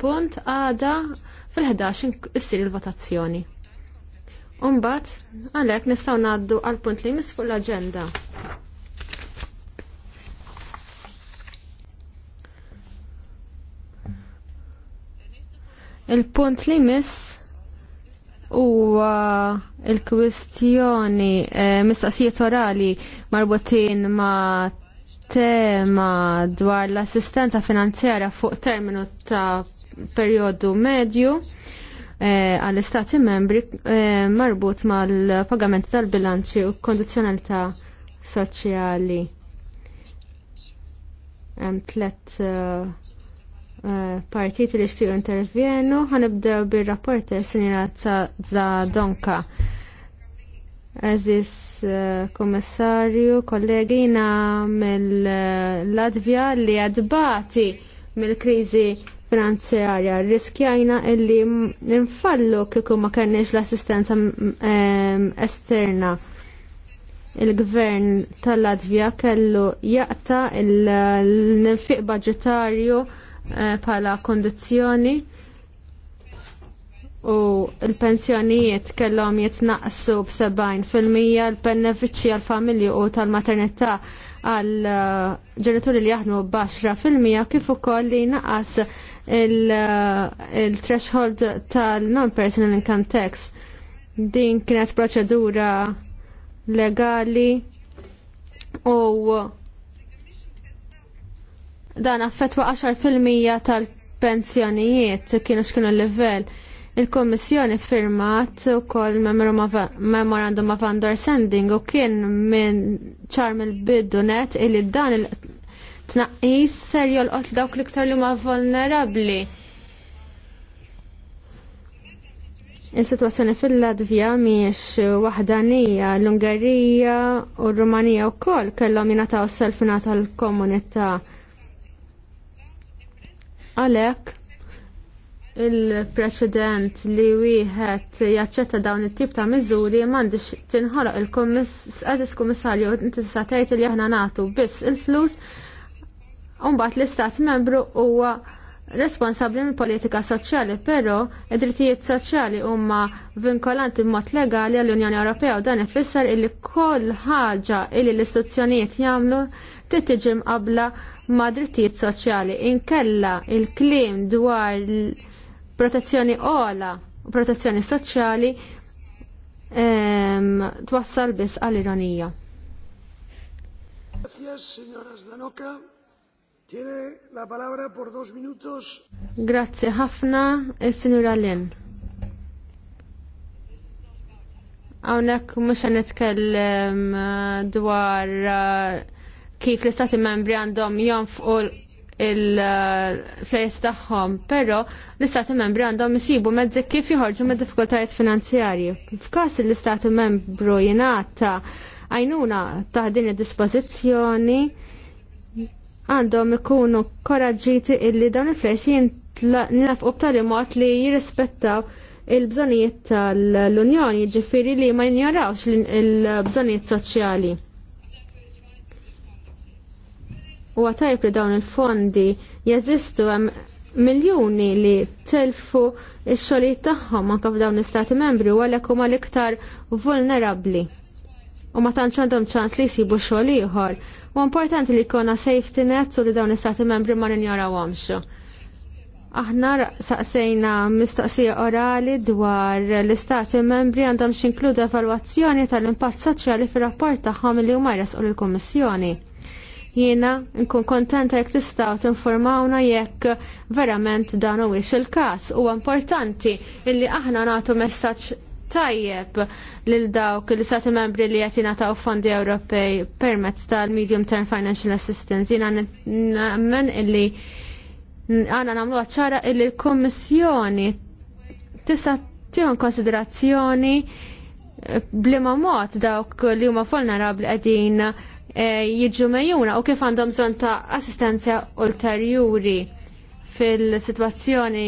punt għada fil-11 issir il-votazzjoni. Umbat, għalek nistaw naddu għal punt li jmiss fuq l-agenda. Il-punt li jmiss huwa il-kwistjoni eh, mistaqsijiet orali marbutin ma' tema dwar l-assistenza finanzjara fuq terminu ta' perjodu medju eh, għall-istati membri e, marbut mal-pagament tal-bilanċi u kondizjonalità soċjali. Hemm tlet uh, partiti li xtiju intervjenu, ħanibdew bir-rapporter sinjera za Donka. Eżis uh, kommissarju, kollegina mill-Latvja li għadbati mill-krizi finanzjarja. Riskjajna illi nfallu kieku ma kenniex l-assistenza ehm, esterna. Il-gvern tal-Latvija kellu jaqta l-nfiq budgetarju eh, pala kondizjoni u l-pensjonijiet kellhom jitnaqsu b-70% l-benefiċċji għal-familji u tal-maternità għal eh, ġenituri li jaħdmu b-10% kif ukoll li naqas il-threshold tal-non-personal income tax. Din kienet proċedura legali u dan affetwa 10% tal-pensjonijiet kienu x'kienu l-livell. Il-Kommissjoni firmat u Memorandum of Understanding u kien minn ċar mill-bidu net illi dan il- tnaqqis ser jolqot dawk l-iktar li ma vulnerabli. Il-situazzjoni fil-Latvija miex wahdanija l-Ungerija u r-Rumanija u koll kellhom jingħataw selfina tal-komunità. Għalhekk il-preċedent li wieħed jaċċetta dawn it-tip ta' miżuri m'għandix tinħoloq il-kummissarju inti tgħid li aħna nagħtu biss il-flus bat l-istat membru huwa responsabli mill politika soċjali, però id-drittijiet soċjali huma vinkolanti b'mod legali għall-Unjoni Ewropea u dan ifisser illi kull ħaġa illi l-istituzzjonijiet jagħmlu titiġi mqabla ma' drittijiet soċjali. Inkella il-klim dwar protezzjoni ola u protezzjoni soċjali ehm, twassal biss għall-ironija. Grazie signora Zdanoka. Grazie ħafna, il-Sinjura e Lin. Għawnek mux nitkellem eh, dwar eh, kif l-istati membri għandhom jonfqu il-flejs eh, tagħhom, però l-istati membri għandhom isibu mezzi kif joħorġu mid diffikultajiet finanzjarji. F'każ li l-istati membru jingħata għajnuna ta' din id-dispożizzjoni għandhom ikunu koraġġiti illi dawn il-flejs jintlaqnaf b'tali mod li jirrispettaw il-bżonijiet tal-Unjoni, ġifiri li ma jinjorawx il-bżonijiet soċjali. U għatajb li dawn il-fondi jazistu għem miljoni li telfu il-xoliet tagħhom għanka f'dawn l-istati membri u għalhekk huma l-iktar vulnerabbli. U ma tantx għandhom ċans li jsibu xogħol ieħor U importanti li jkollna safety net u li dawn l-istati membri ma għomxu. Aħna saqsejna mistoqsija orali dwar l-istati membri għandhom xinkludu evalwazzjoni tal-impatt soċjali fir-rapport tagħhom li huma jresqu lill-Kummissjoni. Jiena nkun kontenta jekk tistgħu tinformawna jekk verament dan huwiex il-każ. Huwa importanti illi aħna nagħtu messaġġ tajjeb lil dawk li stati membri li qed jingħataw fondi Ewropej permezz tal-Medium Term Financial Assistance. Jiena nemmen illi għana namlu ċara illi l-Kummissjoni tista' tieħu konsiderazzjoni blima mod dawk li huma vulnerabli qegħdin eh, jiġu mejjuna u kif għandhom bżonn ta' assistenza ulterjuri fil-situazzjoni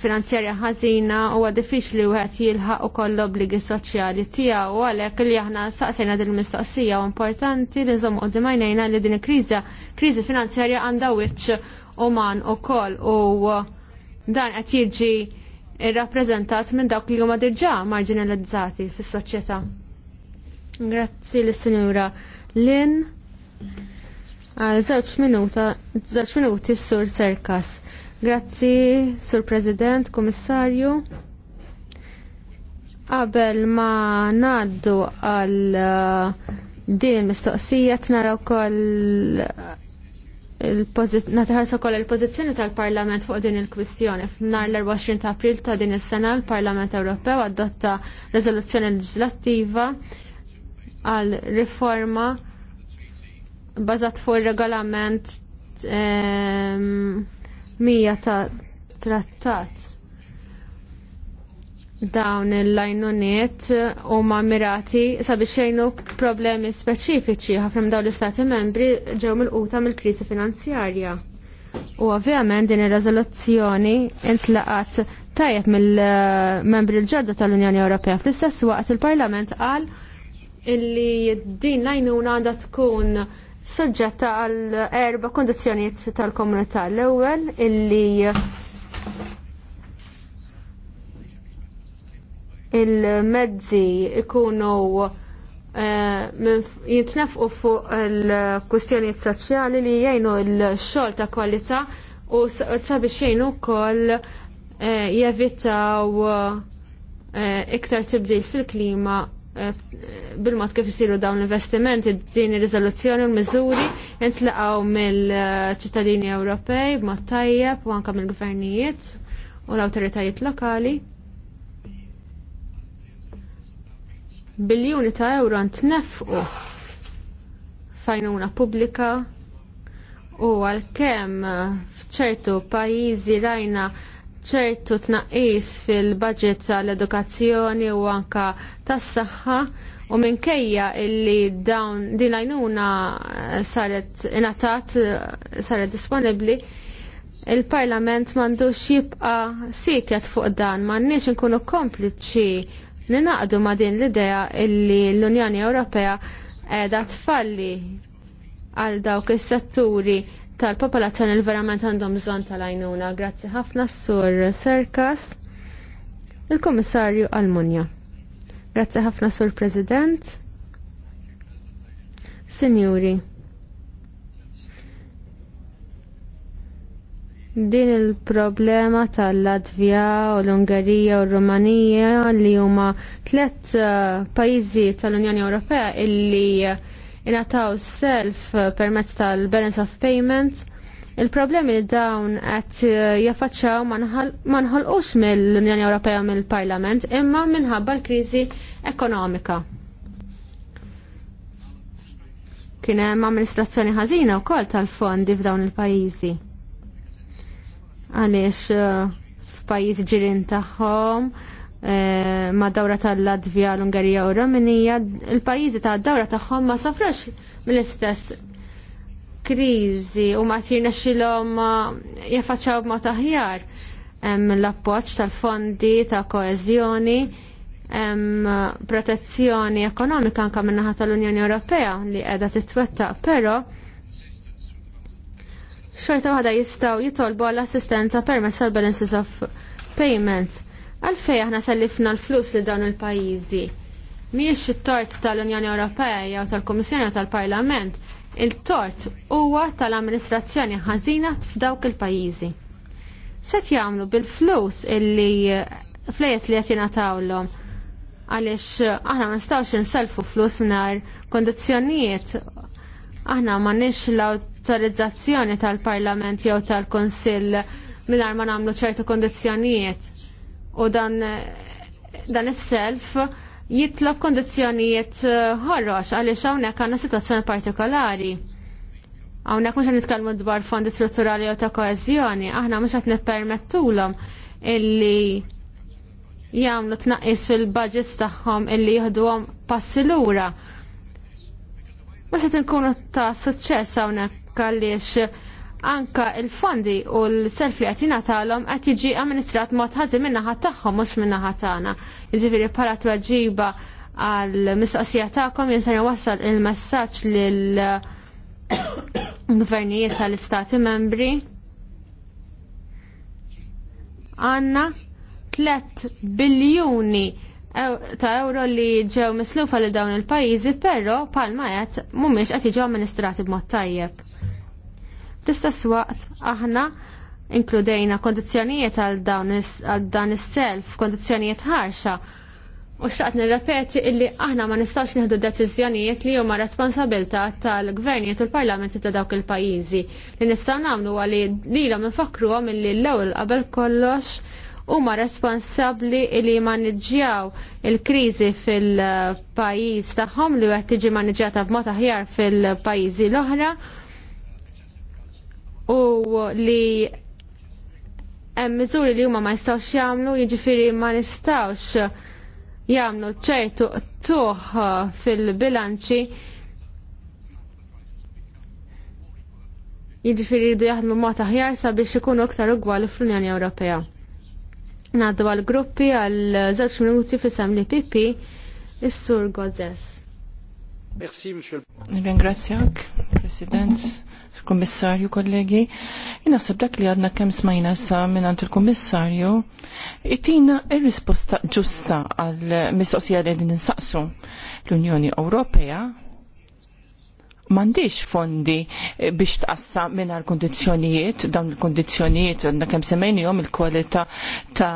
finanzjarja ħażina huwa diffiċli wieħed jilħaq ukoll l-obbligi soċjali tiegħu u għalhekk li aħna saqsejna din mistoqsija u importanti li nżomm qudiem għajnejna li din il-kriża kriżi finanzjarja għandha wiċċ uman ukoll u dan qed jiġi rrappreżentat minn dawk li huma diġà marginalizzati fis-soċjetà. Grazzi lis-Sinjura Lin. Għal żewġ minuta, zewċ minuti sur Serkas. Grazzi, sur President, Komissarju. Qabel ma naddu għal uh, din mistoqsija tnaraw koll uh, koll il-pozizjoni tal-Parlament fuq din il-kwistjoni. F'nar l-24 ta' april ta' din is-sena l-Parlament Ewropew adotta rezoluzzjoni leġislattiva għal riforma bazat fuq ir regolament ehm, mija ta' trattat dawn il-lajnuniet u ma' mirati sabiex xejnu problemi speċifiċi ħafna dawn l-istati membri ġew mill-quta mill kriżi finanzjarja. U ovvjament din ir-rezoluzzjoni intlaqat tajjeb mill-membri l-ġodda tal-Unjoni Ewropea fl-istess waqt il-Parlament qal illi din lajnuna għandha tkun soġġetta għal erba kondizjonijiet tal-komunità. L-ewwel illi il-mezzi ikunu eh, jitnefqu fuq il-kustjonijiet soċjali li jgħinu l-xogħol ta' kwalità u sabiex jgħinu wkoll eh, jevitaw eh, iktar tibdil fil-klima bil-mod kif isiru dawn l-investimenti, din ir-riżoluzzjoni u l-miżuri intlaqgħu mill-ċittadini Ewropej b'mod tajjeb u anke mill-gvernijiet u l-awtoritajiet lokali. Biljuni ta' euro ntnefqu fajnuna pubblika u għalkemm f'ċertu pajjiżi rajna ċertu tnaqqis fil-budget tal-edukazzjoni u anka tas-saħħa u minkejja illi dawn din għajnuna eh, saret inatat eh, saret disponibbli il-Parlament m'għandux jibqa' siket fuq dan m'għandniex inkunu kompliċi ninaqdu ma' din l-idea illi l-Unjoni Ewropea qiegħda tfalli għal dawk is-setturi tal-popolazzjoni li verament għandhom bżonn tal-għajnuna. Grazzi ħafna sur Serkas, il-Komissarju Almunja. Grazzi ħafna sur President. Signori. din il-problema tal-Latvija u l-Ungerija u l-Rumanija li huma tliet eh, pajjiżi tal-Unjoni Ewropea illi inataw self eh, permezz tal-balance of payment. Il-problemi li dawn qed eh, jaffaċċaw ma nħolqux mill-Unjoni Ewropea mill-Parlament imma minħabba l-kriżi ekonomika. Kien hemm amministrazzjoni ħażina wkoll tal-fondi f'dawn il-pajjiżi. Għaliex eh, f'pajjiżi ġirien tagħhom Eh, ma' dawra tal-Latvija, l-Ungerija u Rumenija, il-pajizi ta' dawra tagħhom ma safrax mill-istess kriżi u ma tirna xilhom eh, jaffaċċaw b'mod aħjar l-appoġġ tal-fondi ta' koeżjoni eh, protezzjoni ekonomika anke min-naħa tal-Unjoni Ewropea li qiegħda titwettaq, però xorta waħda jistgħu jitolbu għall-assistenza permezz tal-balances of payments Għalfej aħna sellifna l-flus li dawn il-pajjiżi. Miex it-tort tal-Unjoni Ewropea jew tal-Kummissjoni tal-Parlament, il-tort huwa tal-amministrazzjoni ħażina f'dawk il-pajjiżi. X'qed jagħmlu bil-flus illi flejes li qed jingħatawhom għaliex aħna ma nistgħux inselfu flus mingħajr kondizzjonijiet aħna m'għandniex l-awtorizzazzjoni tal-Parlament jew tal-Kunsill mingħajr ma nagħmlu ċertu kondizzjonijiet u dan dan is-self jitlob kondizzjonijiet eh, ħorrox għaliex hawnhekk għandna sitwazzjoni partikolari. Hawnhekk mhux qed nitkellmu dwar fondi strutturali jew ta' koeżjoni, aħna mhux qed nippermettulhom illi jagħmlu tnaqqis fil-budgets tagħhom illi jieħduhom passi lura. Mhux qed inkunu ta' suċċess hawnhekk għaliex anka il-fondi u l-self li għatina talom għat jiġi amministrat mod ħazi minna ħattaħħom mux minna ħattana. Iġifiri pala tweġiba għal-mistoqsija taħkom jinsan wassal il-messagġ lil-gvernijiet tal-istati membri. Għanna 3 biljuni ta' euro li ġew mislufa li dawn il-pajizi, pero palma għet mumiex għati ġew amministrati b'mod tajjeb. Fl-istess waqt aħna inkludejna kondizjonijiet għal dan is-self, kondizjonijiet ħarxa. U xaqt nirrepeti illi aħna ma nistax nieħdu deċiżjonijiet li huma responsabilità tal-gvernijiet u l-parlamenti ta' dawk il-pajjiżi. Li nistgħu nagħmlu għali lilhom infakruhom illi l-ewwel qabel kollox huma responsabbli li maniġġjaw il-kriżi fil-pajjiż tagħhom li qed tiġi maniġġjata b'mod aħjar fil-pajjiżi l-oħra u li hemm miżuri li huma ma jistgħux jagħmlu, jiġifieri ma nistgħux jagħmlu ċertu tuħ fil-bilanċi jiġifieri jridu jaħdmu mod aħjar sabiex ikunu aktar ugwali fl-Unjoni Ewropea. Ngħaddu għall gruppi għal żewġ minuti fisem li PP is-Sur Gozes. Merci, Monsieur. Ringrazzjak, President kummissarju kollegi, jinaħseb dak li għadna kemm smajna sa minnant il-kummissarju, itina il-risposta ġusta għal mistoqsija li din insaqsu l-Unjoni Ewropea mandiġ fondi biex tqassa minn għal kondizjonijiet, dawn il-kondizjonijiet, għadna kem semmenjom il-kualita ta'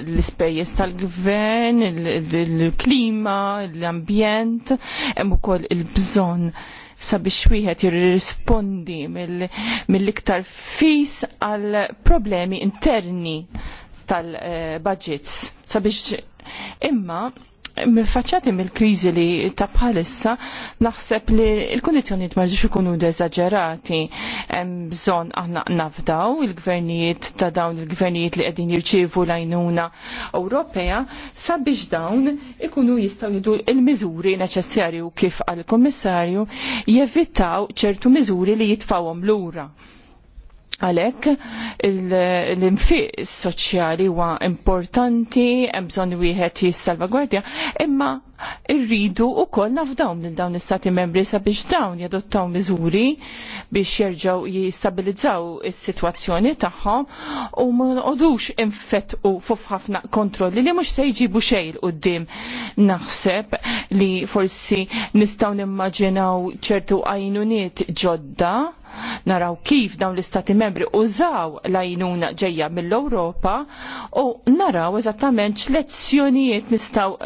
l-ispejjeż tal-gvern, il-klima, l-ambjent, hemm ukoll il-bżonn sabiex wieħed jirrispondi mill-iktar fis għal problemi interni tal-budgets eh, sabiex imma Mifacċati mill-kriżi li ta' bħalissa naħseb li l-kondizjoni maġġux ikunu deżagġerati hemm bżonn aħna nafdaw il-gvernijiet ta' dawn il-gvernijiet li qegħdin jirċievu l-għajnuna Ewropea sabiex dawn ikunu jistgħu jidu il miżuri neċessarju kif għall kummissarju jevitaw ċertu miżuri li l lura. Għalek, l-infiq soċjali huwa importanti, hemm bżonn wieħed jissalvagwardja, imma irridu u koll nafdawn minn dawn istati membri sabiex dawn jadottaw miżuri biex jerġaw jistabilizzaw is-sitwazzjoni tagħhom u ma nqodux infettqu fuq ħafna kontrolli li mhux se jġibu xejn qudiem. Naħseb li forsi nistgħu nimmaġinaw ċertu għajnuniet ġodda naraw kif dawn l-istati membri użaw l-ajnuna ġejja mill-Europa u naraw eżattament x'lezzjonijiet nistgħu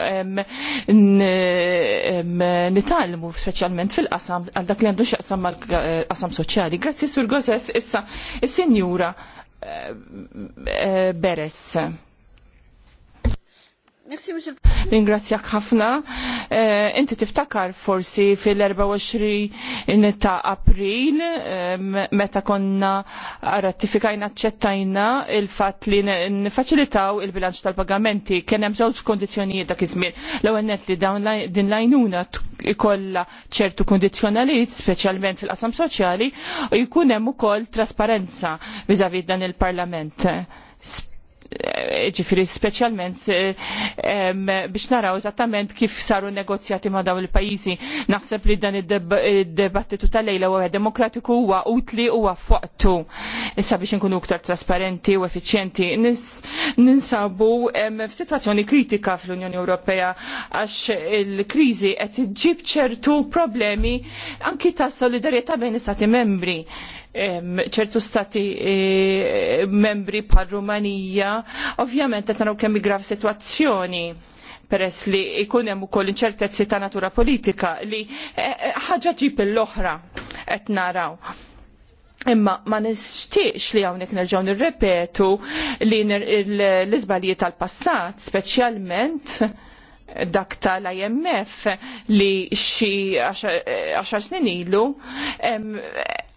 nitalmu speċjalment fil-qasam għal dak li għandu xaqsam mal-qasam eh, soċjali. Grazzi sur Gozes issa is senjura eh, eh, Beres. Ringrazzjak ħafna. Eh, inti tiftakar forsi fil-24 ta' april eh, meta konna ratifikajna ċettajna il-fat li nifaċilitaw il-bilanċ tal-pagamenti. Kien hemm żewġ kondizzjonijiet dak iż-żmien. L-ewwel net li dawn din lajnuna ikolla ċertu kondizjonaliet, speċjalment fil-qasam soċjali, u jkun hemm ukoll trasparenza viżavi dan il-Parlament ġifiri specialment eh, biex naraw eżattament kif saru negozjati ma' dawn il-pajizi. Naħseb li dan id-debattitu tal-lejla u demokratiku huwa utli huwa għafuqtu. Issa biex nkunu ktar trasparenti u effiċjenti. Ninsabu f'sitwazzjoni kritika fl-Unjoni Ewropea għax il-kriżi qed iġġib ċertu problemi anki ta' solidarjetà bejn istati membri ċertu stati e, membri par Rumanija, ovvjament qed naraw kemm grav sitwazzjoni peress li jkun hemm ukoll inċertezzi ta' natura politika li e, e, ħaġa ġib l-oħra qed naraw. Imma ma nixtiex li hawnhekk nerġgħu nirrepetu li l-iżbalji tal-passat, speċjalment dak tal-IMF li xi 10 snin ilu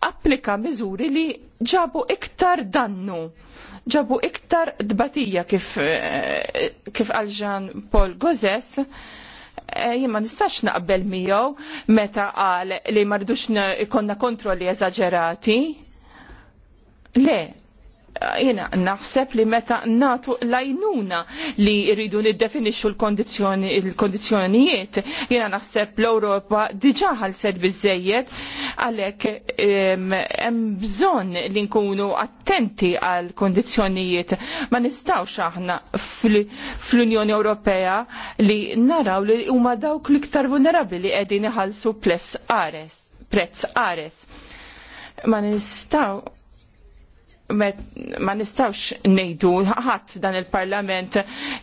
applika miżuri li ġabu iktar dannu, ġabu iktar dbatija kif, eh, kif għalġan Paul Gozes, eh, jimma nistax naqbel miegħu meta qal li mardux ikonna kontrolli eżagġerati. Le, jena naħseb li meta natu lajnuna li rridu niddefinixxu l-kondizjonijiet, jena naħseb l-Ewropa diġa ħalset biżejjed għalhekk hemm bżonn li nkunu attenti għal kondizjonijiet. Ma nistgħux aħna fl-Unjoni Ewropea li naraw li huma dawk l-iktar vulnerabbli li qegħdin iħallsu prezz ares. Prezz qares. Ma nistgħu ma nistawx nejdu ħadd f'dan il-Parlament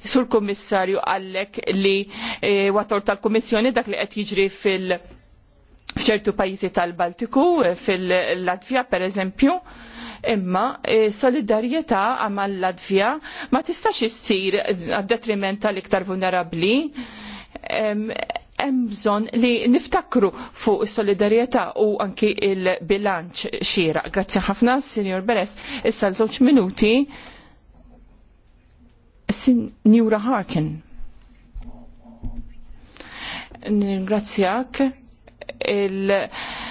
sur kummissarju għallek li e, tal-Kummissjoni dak li qed jiġri fil- f'ċertu pajjiżi tal-Baltiku, fil-Latvija per eżempju, imma e, solidarjetà għamal Latvija ma tistax issir għad-detriment tal-iktar vulnerabbli hemm bżonn li niftakru fuq is-solidarjetà u anki il-bilanċ xira. Grazzi ħafna, Sinjor Beres. Issa l-żewġ minuti. Sinjura Harkin. Ningrazzjak il-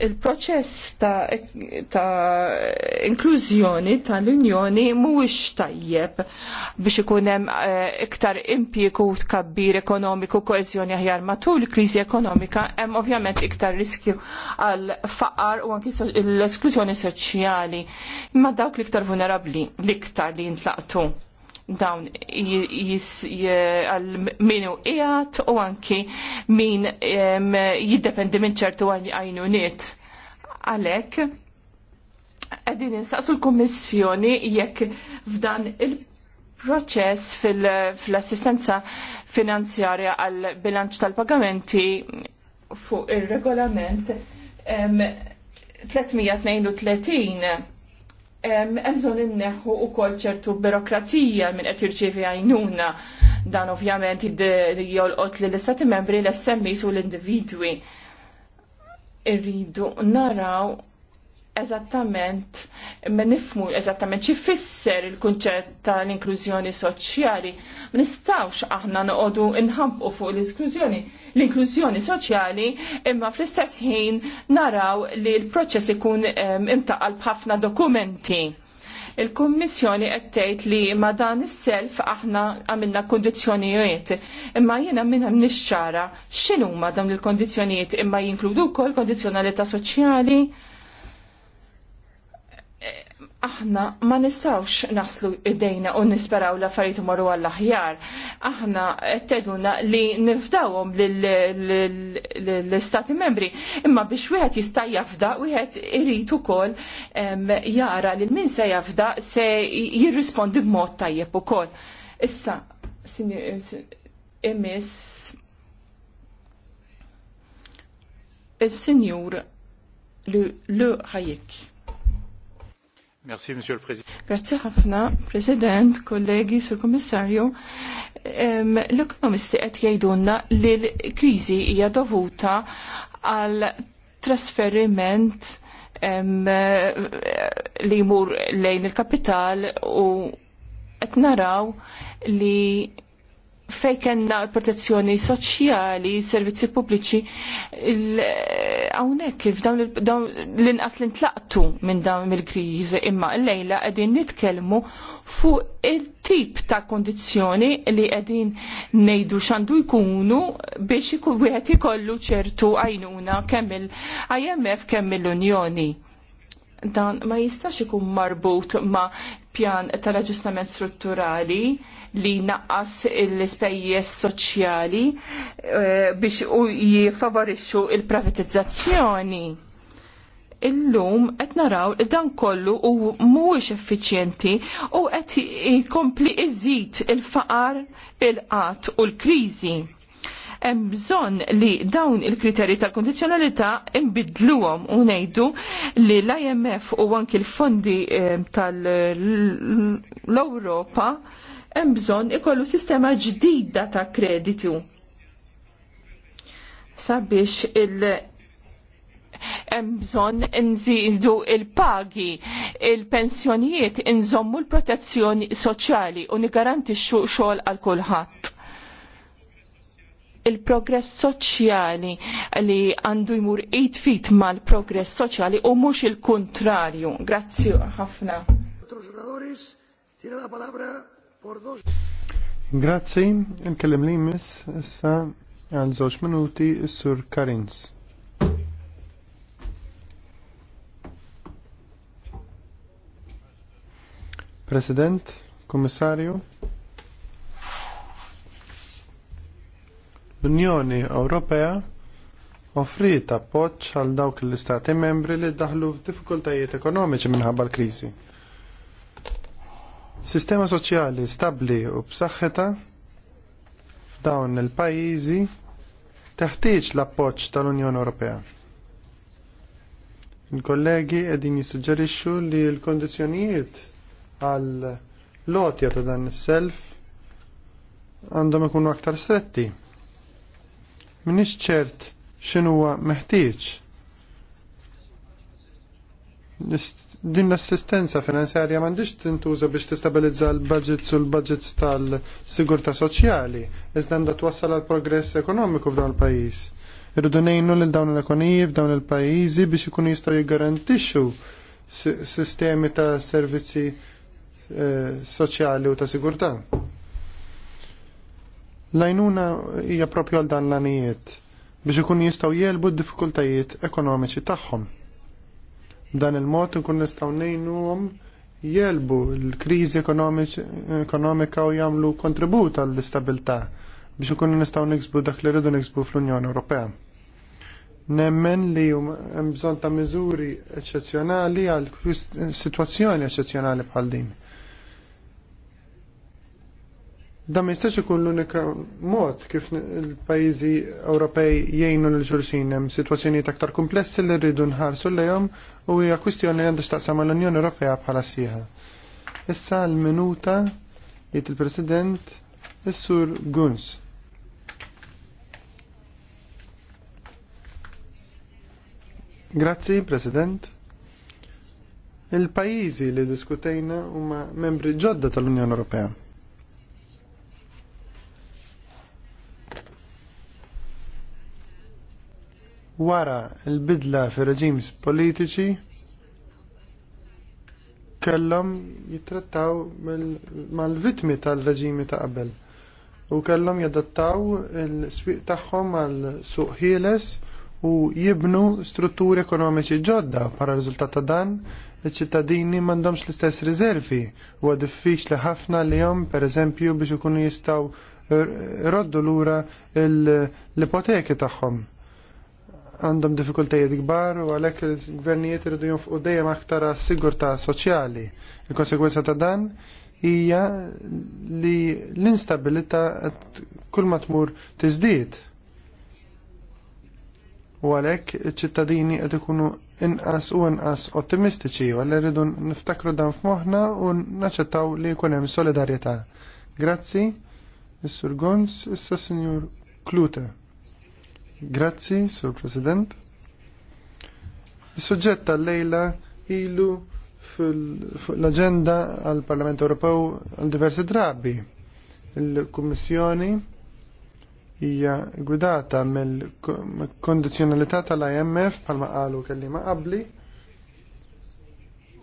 il-proċess ta', ta inklużjoni tal-Unjoni mhuwiex tajjeb biex ikun hemm eh, iktar impjiegu tkabbir ekonomiku koeżjoni aħjar matul kriżi ekonomika hemm ovvjament iktar riskju għal faqar u anki l-esklużjoni soċjali imma dawk l-iktar vulnerabbli l-iktar li jintlaqtu dawn għal min u u anki min jiddependi minn ċertu għajnuniet. Għalhekk qegħdin insaqsu l-Kummissjoni jekk f'dan il-proċess fil-assistenza finanzjarja għal bilanċ tal-pagamenti fuq ir regolament 332 Emżon bżonn inneħħu wkoll ċertu birokrazija minn qed jirċievi għajnuna dan ovvjament jolqot li l-istati membri l-SMIs su l-individwi irridu naraw eżattament ma nifmu eżattament xi fisser il-kunċett tal-inklużjoni soċjali. Ma nistgħux aħna noqogħdu nħampqu fuq l-inklużjoni. L-inklużjoni soċjali imma fl-istess ħin naraw li l-proċess ikun imtaqal b'ħafna dokumenti. Il-Kummissjoni qed tgħid li ma dan is-self aħna għamilna kundizzjonijiet imma jiena min hemm nixxara x'inhuma dawn il-kondizzjonijiet imma jinkludu wkoll kondizzjonalità soċjali aħna ma nistawx naslu dejna u nisperaw l-affarijiet marru għall-aħjar. Aħna teduna li nifdawhom l-istati membri. Imma biex wieħed jista' jafda, wieħed irid ukoll jara li min se jafda se jirrispondi b'mod tajjeb ukoll. Issa, imis eh, il-sinjur li ħajik. Merci, Monsieur le Président. Grazie ħafna, President, kollegi, Sur Kommissarju. L-ekonomisti qed jgħidulna li l-kriżi hija dovuta għal trasferiment li jmur lejn il-kapital u qed naraw li fej kena protezzjoni soċjali, servizzi pubbliċi, għawnek kif dawn l-inqas l-intlaqtu minn dawn il kriżi imma l-lejla għedin nitkelmu fuq il-tip ta' kondizjoni li għedin nejdu xandu jkunu biex wieħed ikollu ċertu għajnuna kemm il-IMF kemm il-Unjoni dan ma jistax ikun marbut ma pjan tal-aġustament strutturali li naqqas l-ispejjeż soċjali eh, biex u jifavorixxu il-privatizzazzjoni. Illum qed naraw li dan kollu u mhuwiex effiċjenti u qed jkompli iżid il-faqar, il-qatt u l-kriżi. il faqar il qatt u l kriżi hemm bżonn li dawn il-kriterji tal-kondizzjonalità imbidluhom u ngħidu li l-IMF u anki l-fondi eh, tal-Ewropa hemm bżonn ikollu sistema ġdida ta' kreditu sabiex il- hemm bżonn inżidu il-pagi, il-pensjonijiet inżommu l-protezzjoni soċjali u nigarantixxu xogħol għal kulħadd il-progress soċjali li għandu jmur id fit mal-progress soċjali u mhux il-kontrarju. Grazzi ħafna. Grazzi, nkellem li miss issa għal żewġ minuti s-sur Karins. President, Kommissarju, L-Unjoni Ewropea offrit appoġġ għal dawk l-istati membri li daħlu f'diffikultajiet ekonomiċi minħabba l-kriżi. Sistema soċjali stabbli u b'saħħitha f'dawn il-pajjiżi teħtieġ l-appoġġ tal-Unjoni Ewropea. Il-kollegi qegħdin jissuġġerixxu li l-kondizzjonijiet għal lotja ta' dan is-self għandhom ikunu aktar stretti minix ċert x'inhuwa meħtieġ. Din l-assistenza finanzjarja m'għandix tintuża biex tistabilizza l-budgets u l-budgets tal-sigurta soċjali, iżda għandha twassal għal progress ekonomiku f'dawn il-pajjiż. Irridu ngħinu lil dawn l-ekoniji f'dawn il-pajjiżi biex ikunu jistgħu jiggarantixxu sistemi ta' servizzi eh, soċjali u ta' sigurtà. Lajnuna hija propju għal dan l-anijiet biex ikun jistgħu jelbu d-diffikultajiet ekonomiċi tagħhom. B'dan il-mod ikun nistgħu ngħinuhom jelbu l-kriżi ekonomika u jagħmlu kontribut għall istabilità biex ikun nistgħu niksbu dak li rridu niksbu fl-Unjoni Ewropea. Nemmen li hemm bżonn ta' miżuri eċċezzjonali għal sitwazzjoni eċċezzjonali bħal din. Dan mistax ikun l-unika mod kif il-pajjiżi Ewropej jgħinu l xulxin hemm sitwazzjonijiet aktar komplessi li rridu nħarsu lejhom u hija kwistjoni li għandha x'taqsam mal-Unjoni Ewropea bħala sieħa. Issa l-minuta jgħid il-President is-Sur Guns. Grazzi, President. Il-pajjiżi li diskutejna huma membri ġodda tal-Unjoni Ewropea wara l-bidla fir reġims politiċi kellhom jittrattaw mal-vitmi tal-reġimi ta' qabel u kellhom jadattaw il-swieq tagħhom għal suq ħieles u jibnu strutturi ekonomiċi ġodda para riżultat ta' dan iċ-ċittadini m'għandhomx l-istess riservi u diffiċli ħafna li jom pereżempju biex ikunu jistgħu roddu lura l-ipoteki tagħhom għandhom diffikultajiet kbar u għalhekk il-gvernijiet iridu jonfqu dejjem aktar sigurtà soċjali. Il-konsegwenza ta' dan hija li l-instabilità kull ma tmur tiżdied. U għalhekk iċ-ċittadini qed ikunu inqas u inqas ottimistiċi u għalli rridu niftakru dan f'moħħna u naċċettaw li jkun hemm solidarjetà. Grazzi, Mr. Gons, issa Sinjur Klute. Grazzi, Sur President. Is-suġġett tal-lejla ilu fl-agenda għal Parlament Ewropew għal diversi drabi. Il-Kummissjoni hija gwidata mill-kondizjonalità tal-IMF bħalma qalu ma qabli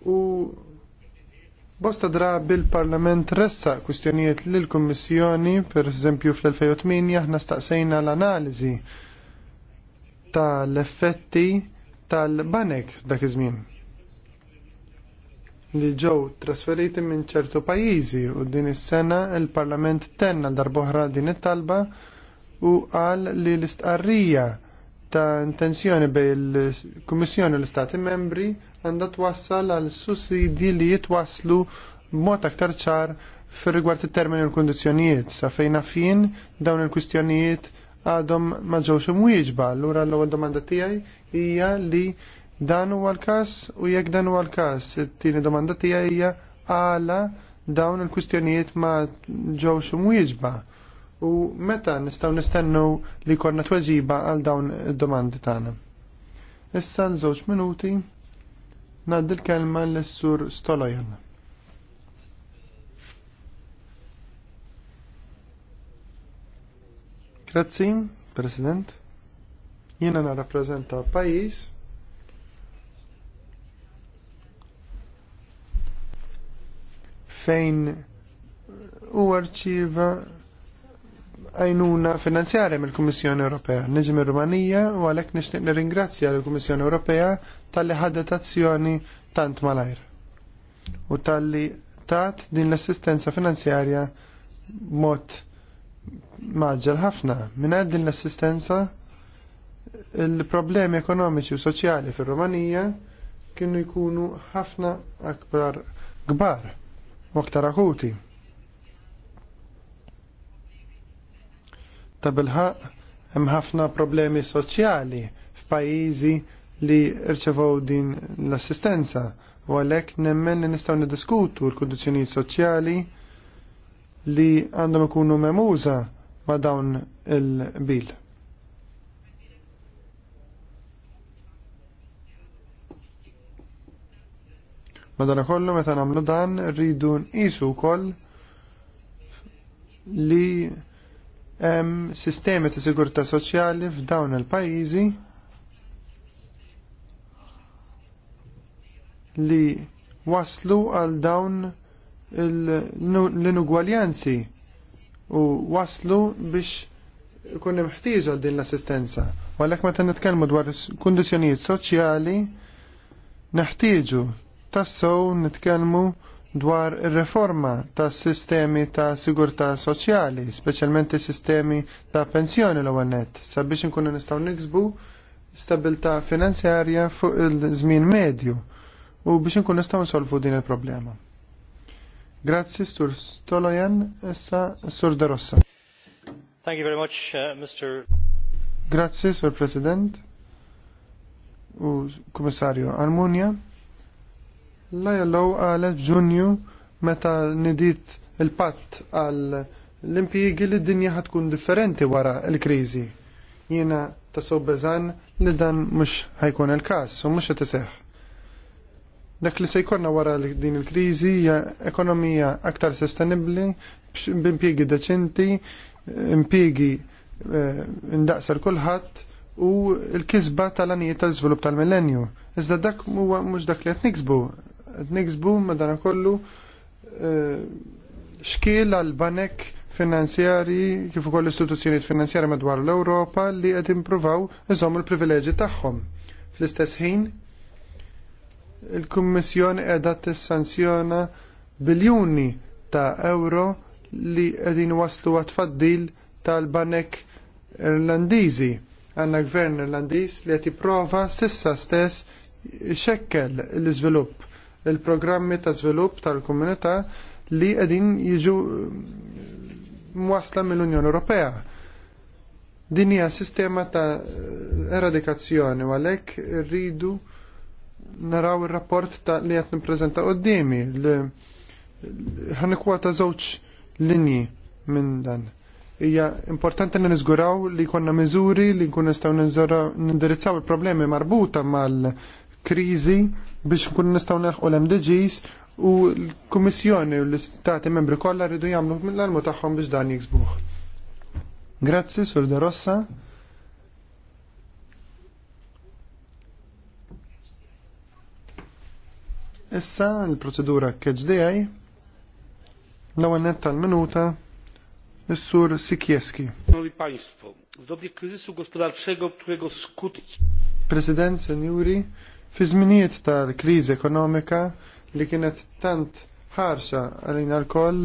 u Bosta drabi l-Parlament ressa kwistjonijiet lill-Kummissjoni per eżempju fl-2008, aħna staqsejna l analiżi tal-effetti tal-banek dak iż-żmien li ġew trasferiti minn ċertu pajjiżi u din is-sena il-Parlament tenna darboħra din it-talba u qal li l-istqarrija ta' intenzjoni bej il-Kummissjoni u l-Istati membri għandha twassal għal sussidji li jitwasslu b'mod aktar ċar fir rigward it-termini u l-kundizzjonijiet sa fejn fin dawn il-kwistjonijiet għadhom ma ġewx imwieġba. Allura l-ewwel domanda tiegħi hija li dan huwa l-każ u jekk dan huwa l-każ, it-tieni domanda tiegħi hija għala dawn il-kwistjonijiet ma ġewx imwieġba. U meta nistgħu nistennu li konna tweġiba għal dawn id-domandi tagħna. Issa l-żewġ minuti ngħaddi l-kelma l sur Stolojan. Grazzi, President. Jiena narrappreżenta pajjiż fejn huwa arċiva għajnuna finanzjarja mill-Kummissjoni Ewropea. Niġi mir-Rumanija u għalhekk nixtieq nirringrazzja lill-Kummissjoni Ewropea tal-li ħadet azzjoni tant malajr u tal-li tat din l-assistenza finanzjarja mod maġġel ħafna. Mingħajr din l-assistenza il-problemi ekonomiċi u soċjali fir-Romanija kienu jkunu ħafna akbar kbar u aktar akuti. Ta' bilħaq hemm ħafna problemi soċjali f'pajjiżi li rċevaw din l-assistenza u għalhekk nemmen li nistgħu niddiskutu l-kundizzjonijiet soċjali li għandhom ikunu memuża ma' dawn il-bil. Madana kollu meta nagħmlu dan rridu nqisu wkoll li hemm sistemi ta' sigurtà soċjali f'dawn il-pajjiżi li waslu għal dawn l-inugwaljanzi u waslu biex kun għal din l-assistenza. U għalhekk meta nitkellmu dwar kundizzjonijiet soċjali neħtiġu tassew nitkellmu dwar ir-reforma tas sistemi ta' sigurtà soċjali, speċjalment is-sistemi ta' pensjoni l net sabiex inkunu nistgħu niksbu stabilità finanzjarja fuq il-żmien medju u biex inkunu nistgħu nsolvu din il-problema. Grazie, Sur Stolojan, essa Sur De Rossa. Thank you very much, uh, Mr. Grazzi, Sur President u Commissario Armonia. La jallu għalet ġunju meta nidit il-patt għal l-impjiegi li d-dinja ħatkun differenti wara l-krizi. Jiena ta' li dan mux ħajkun il-kas u mux ħetiseħ. Dak li se jkollna wara din il-kriżi hija ekonomija aktar sostenibbli, b'impjiegi deċenti, impjiegi eh, ndaqsar kulħadd u l-kisba tal-anijiet tal-żvilupp tal-millenju. Iżda dak huwa mhux dak li qed niksbu. Qed niksbu madanakollu eh, xkiel għal banek finanzjari kif ukoll istituzzjonijiet finanzjari madwar l-Ewropa li qed improvaw iżommu il-privileġġi tagħhom. Fl-istess ħin il-Kummissjoni qiegħda tissanzjona biljuni ta' euro li qegħdin waslu għat-tfaddil tal-banek Irlandiżi. Għandna gvern Irlandiż li qed jipprova sissa stess xekkel l-iżvilupp, il-programmi ta' żvilupp tal-komunità li qegħdin jiġu mwasla mill-Unjoni Ewropea. Din hija sistema ta' eradikazzjoni u għalhekk irridu naraw il-rapport ta' li għat niprezenta qoddimi li ħanikwata zoċ linji minn dan. Ija importanti li nizguraw li konna miżuri li nkun nistaw nindirizzaw il-problemi marbuta mal-krizi biex nkun nistaw nelħu l-MDGs u l-Kummissjoni u l-Istati membri kollha rridu jagħmlu mill-almu tagħhom biex dan jiksbuh. Grazzi, Sur De Rossa. Issa l-procedura KHDI l-għannet tal-minuta Nissur Sikieski. Szanowni Państwo, w dobie kryzysu gospodarczego, którego skutki... Prezydent seniori, fi zminiet tal kriz ekonomika li kienet tant ħarsa għalin l-koll,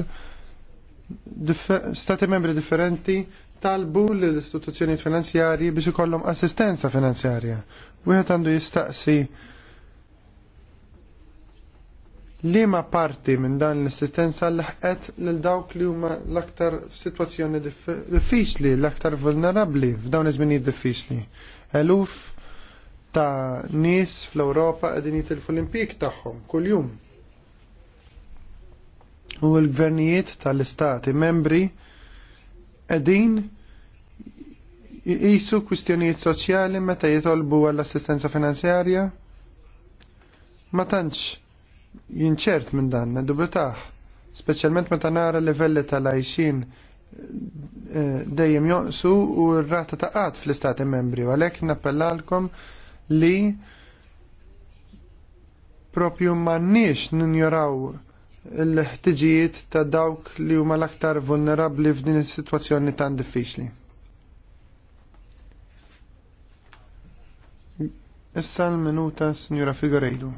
stati membri differenti talbu l-istituzzjoni finanzjari biex ikollhom assistenza finanzjarja. Wieħed għandu jistaqsi li ma parti minn dan l-assistenza l-ħqet l-dawk li huma l-aktar situazzjoni diffiċli, l-aktar vulnerabli f'dawn iż-żminijiet diffiċli. Eluf ta' nies fl-Ewropa qegħdin jitilfu l-impik tagħhom kuljum. U l-gvernijiet tal-istati membri qegħdin jisu kwistjonijiet soċjali meta jitolbu għall-assistenza finanzjarja? Ma tantx jinċert minn dan, dubitaħ, speċjalment meta nara livelli tal ajxin eh, dejjem jonqsu u r-rata ta' qat fl-istati membri, u għalhekk nappellalkom li propju m'għandniex ninjoraw l-ħtiġijiet ta' dawk li huma l-aktar vulnerabbli f'din is-sitwazzjoni tan diffiċli. Issa l-minuta, Signora Figueiredo.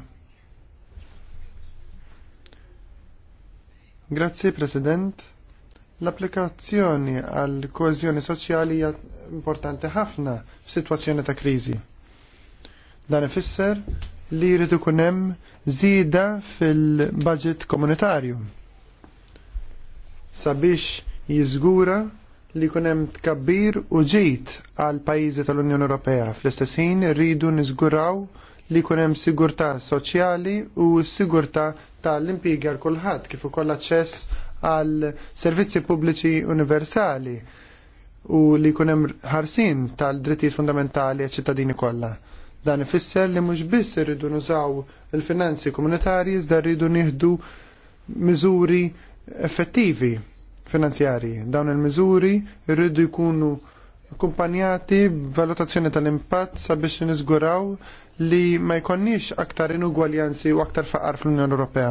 Grazzi President. L-applikazzjoni għal koezjoni soċjali hija importanti ħafna f'sitwazzjoni ta' kriżi. Dan ifisser li jridu jkun hemm żieda fil-budget komunitarju. Sabiex jiżgura li hemm tkabbir u ġid għal pajjiżi tal-Unjoni Ewropea. Fl-istess ħin irridu niżguraw li jkun hemm sigurtà soċjali u sigurtà tal-impiega għal kulħadd kif ukoll aċċess għal servizzi pubbliċi universali u li jkun hemm ħarsin tal-drittijiet fundamentali għal ċittadini kollha. Dan ifisser li mhux biss irridu nużaw il-finanzi komunitarji iżda rridu nieħdu miżuri effettivi finanzjarji. Dawn il-miżuri rridu jkunu kumpanjati b'valutazzjoni tal-impatt sabiex niżguraw li ma jkonniex aktar inugwaljanzi u aktar faqar fl-Unjoni Ewropea.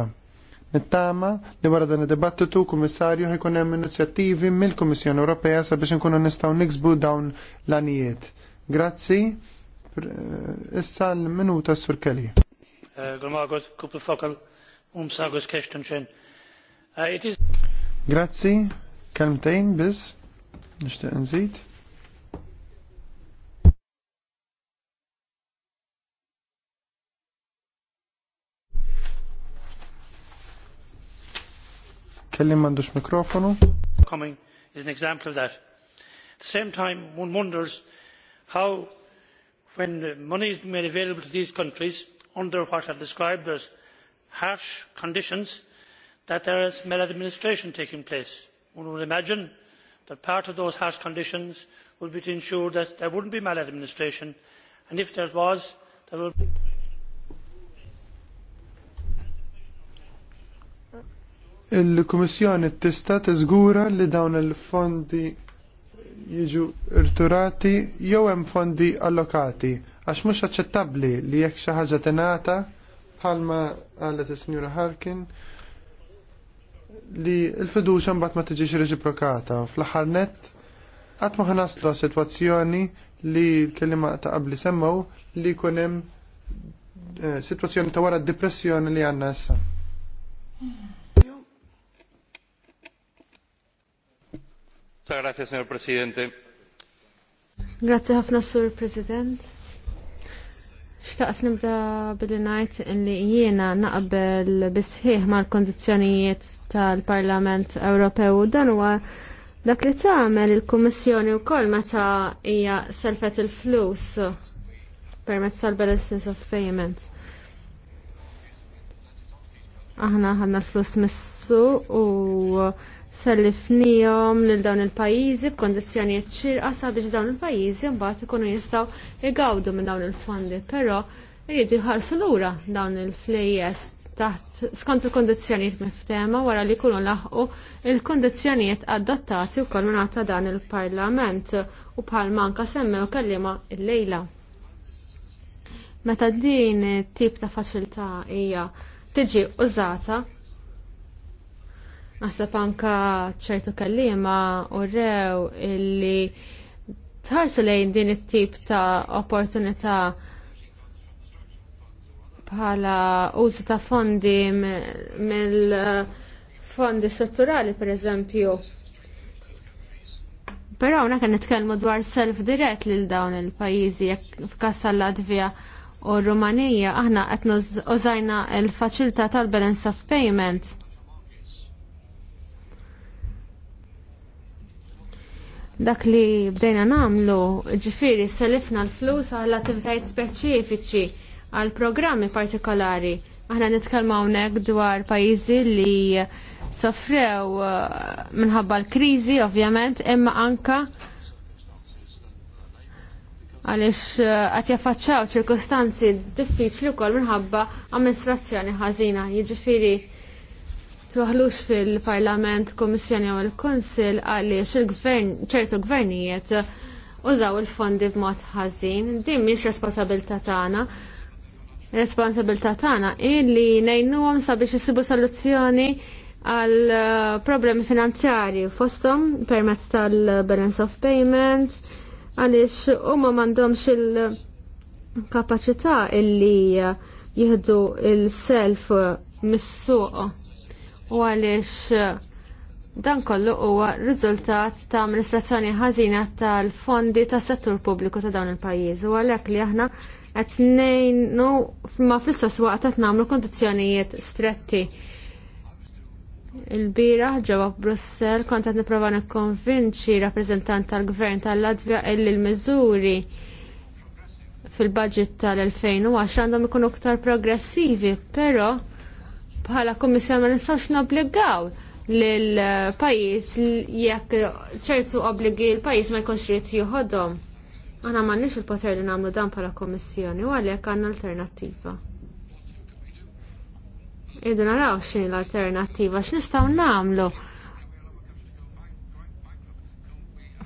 Nittama li wara dan id-dibattitu kummissarju ħajkun hemm inizjattivi mill-Kummissjoni Ewropea sabiex inkunu nistgħu niksbu dawn l-anijiet. Grazzi. Issa l-minuta sur Kelly. Um, uh, Grazzi, kelmtejn biss, nixtieq nżid. kellim m'għandux mikrofonu. Coming is an example of that. At the same time, one wonders how, when money is made available to these countries under what are described as harsh conditions, that there is maladministration taking place. One would imagine that part of those harsh conditions would be to ensure that there would not be maladministration, and if there was, there would. il-Kummissjoni tista' tiżgura li dawn il-fondi jiġu irturati jew hemm fondi allokati għax mhux aċċettabbli li jekk xi ħaġa tingħata bħalma qalet is-Sinjura Harkin li l-fiduċa mbagħad ma tiġix reċiprokata fl-aħħar nett qatt ma ħnaslu sitwazzjoni li l-kelima ta' qabli semmew li jkun hemm eh, sitwazzjoni ta' wara d-depressjoni li għandna issa. Mm-hmm. Grazie, signor Presidente. Grazie ħafna, Sur President. Xtaqs nibda billi ngħid li jiena naqbel bisħieħ mal-kondizzjonijiet tal-Parlament Ewropew u dan huwa dak li tagħmel il-Kummissjoni wkoll meta hija selfet il-flus permezz tal-balances of payments. Aħna ħadna l-flus missu u sellifnijom lil dawn il-pajizi b'kondizzjonijiet xirqa sabiex dawn il-pajizi mbagħad ikunu jistgħu igawdu minn dawn il-fondi, però jridu jħarsu lura dawn il-flejjes taħt skont il-kondizzjonijiet miftema wara li jkunu laħqu il-kondizzjonijiet u kollu mingħata dan il-Parlament u bħal manka semmew kelliema lejla Meta din tip ta' faċilta hija tiġi użata, Naħseb anka ċertu kellima u rew illi tħarsu lejn din it-tip ta' opportunità bħala użu ta' fondi mill-fondi strutturali per eżempju. Però għuna kan nitkellmu dwar self dirett lil dawn il-pajjiżi jekk f'każ tal latvija u Rumanija aħna qed użajna l-faċilità tal-balance of payment dak li bdejna namlu ġifiri selifna l-flus għall attivitajiet speċifiċi għal programmi partikolari. Aħna nitkellmu hawnhekk dwar pajjiżi li sofrew uh, minħabba l-kriżi ovvjament imma anka għaliex uh, qed jaffaċċaw ċirkostanzi diffiċli wkoll minħabba amministrazzjoni ħażina. Jiġifieri twaħlux fil-Parlament, Komissjoni u l-Konsil għaliex il-Gvern, ċertu gvernijiet użaw il-fondi b'mod ħażin. Din mhix responsabilità tagħna. Responsabilità tagħna illi ngħinuhom sabiex isibu soluzzjoni għal eh, problemi finanzjari fostom permezz tal-balance of payment għaliex huma m'għandhomx il-kapaċità illi jieħdu il-self mis-suq u għaliex eh, dan kollu huwa riżultat ta' amministrazzjoni ħażina tal-fondi tas settur pubbliku ta' dawn il-pajjiżi u għalhekk li aħna qed ngħinu ma fl-istess waqt qed nagħmlu kondizzjonijiet stretti. il bieraħ ġewwa Brussell kont qed nipprova nikkonvinċi rappreżentant tal-Gvern tal-Latvja illi l-miżuri fil-budget tal-2010 għandhom ikunu aktar progressivi, però bħala Kummissjoni ma nistax nobbligaw l-pajis eh, jekk ċertu obbligi l-pajis ma jkunx rrit jieħodhom. Għana ma nix il-poter li namlu dan bħala kommissjoni, u għalek għanna alternativa. Idu naraw xin l-alternativa, x'nistgħu namlu?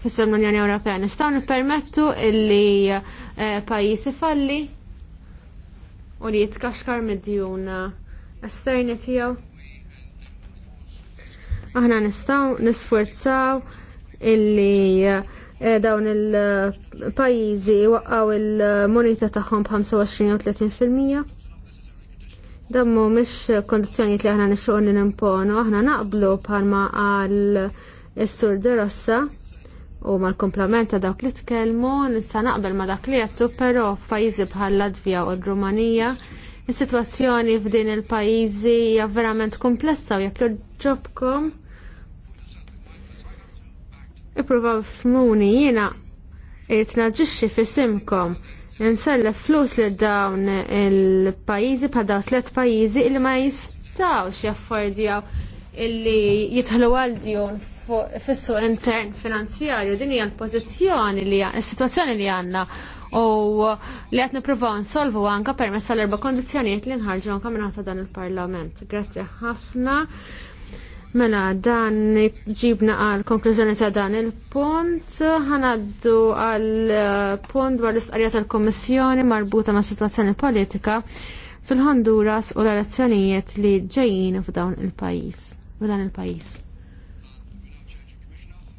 Fissur l-Unjoni Ewropea, nistgħu nippermettu illi eh, pajjiż ifalli u li jitkaxkar mid-djuna esterni tiegħu. Aħna nistgħu nisforzaw illi eh, dawn il-pajjiżi waqqaw il-monita tagħhom b'25 u 30 Dammu mhumiex kondizzjonijiet li aħna nixxuq li nimponu, aħna naqblu bħalma għal is-sur Rossa u mal-komplement ta' dawk li tkellmu nista' naqbel ma' dak li għattu, però f'pajjiżi bħal Latvja u l-Rumanija Is-sitwazzjoni f'din il-pajjiżi hija verament komplessa u jekk joġobkom ippruvaw f'muni jiena irid naġixxi f'isimkom insellef flus li dawn il-pajjiżi bħal dawn tliet pajjiżi li ma jistgħux jaffordjaw illi jidħlu għal djun fissu intern finanzjarju din hija l-pożizzjoni li is-sitwazzjoni li għandna u li qed nippruvaw nsolvu anke permezz tal-erba' kondizzjonijiet li nħarġu anke minn dan il-Parlament. Grazzi ħafna. Mela, dan ġibna għal konklużjoni ta' dan il-punt. Ħanaddu għal eh, punt dwar l-istqarrija tal-Kommissjoni marbuta ma' situazzjoni politika fil-Honduras u l-elezzjonijiet li ġejjin f'dawn il pajjiż F'dan il pajjiż